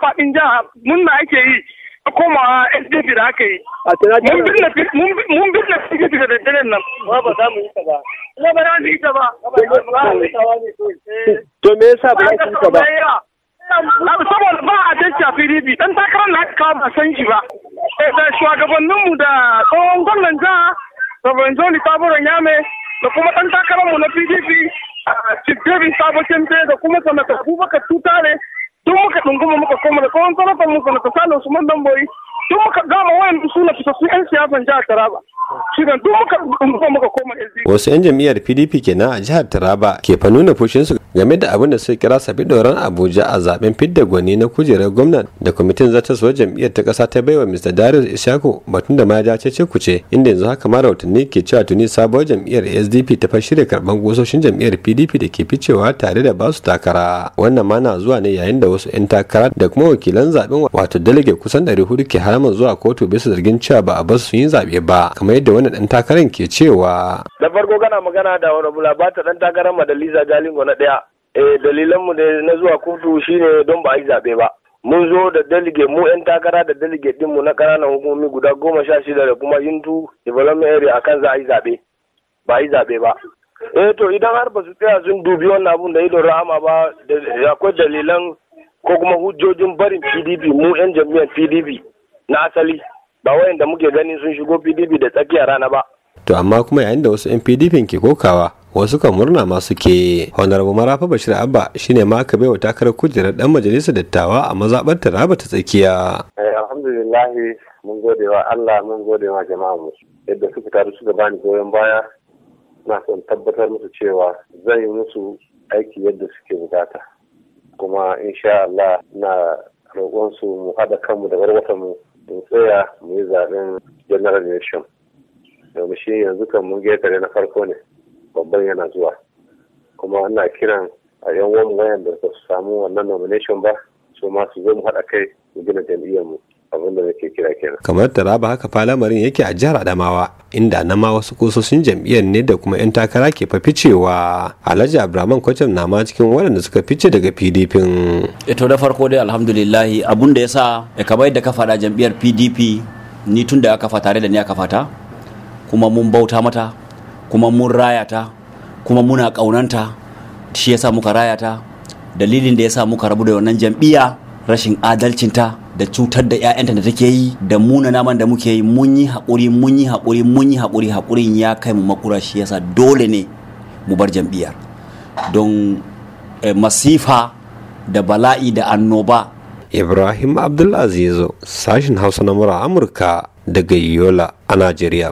faɗin jiha na ake yi a komawa SDP da aka yi. Mun birna PDP da daddare nan. Ba ba za mu yi ta ba. Ba ba za mu yi ta ba. To me yasa ba za mu yi ta ba? Saboda ba a dace a PDP dan takarar na aka kawo san shi ba. Da shugabanninmu da tsohon gwamnan jiha, Rabban Joni Taburan nyame, da kuma ɗan takararmu na PDP, Chief David Sabo Kempe da kuma Sanata Abubakar Tuta kuma da kawan tsarafan mu sanata su usman damboyi tun muka gama wayan su na su yan siyasan jihar taraba shigan tun muka koma 'yanzu. wasu yan jam'iyyar pdp kenan a jihar taraba ke fa nuna fushinsu game da abin da suka kira sabi doron abuja a zaben fidda gwani na kujerar gwamnan da kwamitin zata so jam'iyyar ta kasa ta baiwa mr darius ishaku batun da ma ya ce kuce inda yanzu haka mara watanni ke cewa tuni sabuwar jam'iyyar sdp ta fa shirya karɓar gososhin jam'iyyar pdp da ke ficewa tare da basu takara wannan ma na zuwa ne yayin da wasu 'yan takara da kuma wakilan zaben wato dalage kusan 400 ke haraman zuwa kotu bisa zargin cewa ba a basu sun yi zaɓe ba kamar yadda wannan ɗan takarar ke cewa. da farko kana magana da honorable abata ɗan takarar madaliza jalingo na ɗaya eh dalilanmu da na zuwa kotu shine don ba a yi zaɓe ba mun zo da delegate mu 'yan takara da delegate dinmu na ƙananan hukumomi guda goma sha shida da kuma hindu development area akan za a yi zaɓe ba a yi zaɓe ba eh to idan har ba su tsaya sun dubi wannan abun da idon rahama ba akwai dalilan ko kuma hujjojin barin pdp mu 'yan jami'an pdp na asali ba wayanda muke ganin sun shigo pdp da tsakiya rana ba to amma kuma yayin da wasu 'yan pdp ke kokawa wasu kan murna ma suke honorable marafa bashir abba shine ma bai wa takarar kujerar dan majalisar dattawa a mazabar taraba ta tsakiya eh, alhamdulillahi mun gode wa Allah mun gode wa jama'a mu yadda suka taru suka bani goyon baya na son tabbatar musu cewa zan yi musu aiki yadda suke bukata kuma insha Allah na roƙon su mu haɗa kanmu da warwata mu mu tsaya mu yi zaɓen general election domin shi yanzu kan mun getare na farko ne babban yana zuwa kuma ana kiran a yan wani wayan da su samu wannan nomination ba su ma su zo mu haɗa kai mu gina jam'iyyar mu da nake kira kenan kamar taraba haka fa lamarin yake a jihar adamawa inda na ma wasu kusoshin jam'iyyar ne da kuma 'yan takara ke fa ficewa alhaji abraman kwacham na ma cikin waɗanda suka fice daga pdp ito eh da farko dai alhamdulillahi abun da ya sa eh, kamar yadda ka faɗa jam'iyyar pdp ni tun da aka fa tare da ni aka fata kuma mun bauta mata kuma mun raya kuma muna ƙaunanta shi ya sa muka rayata, dalilin da ya sa muka rabu da wannan jam'iyya rashin adalcinta da cutar da 'ya'yanta da take yi da muna naman da muke yi mun yi haƙuri mun yi haƙuri mun yi haƙuri haƙurin ya kai mu makura shi ya sa dole ne mu bar jam'iyyar don eh, masifa da bala'i da annoba ibrahim abdulaziz sashin hausa na mura amurka daga yola a najeriya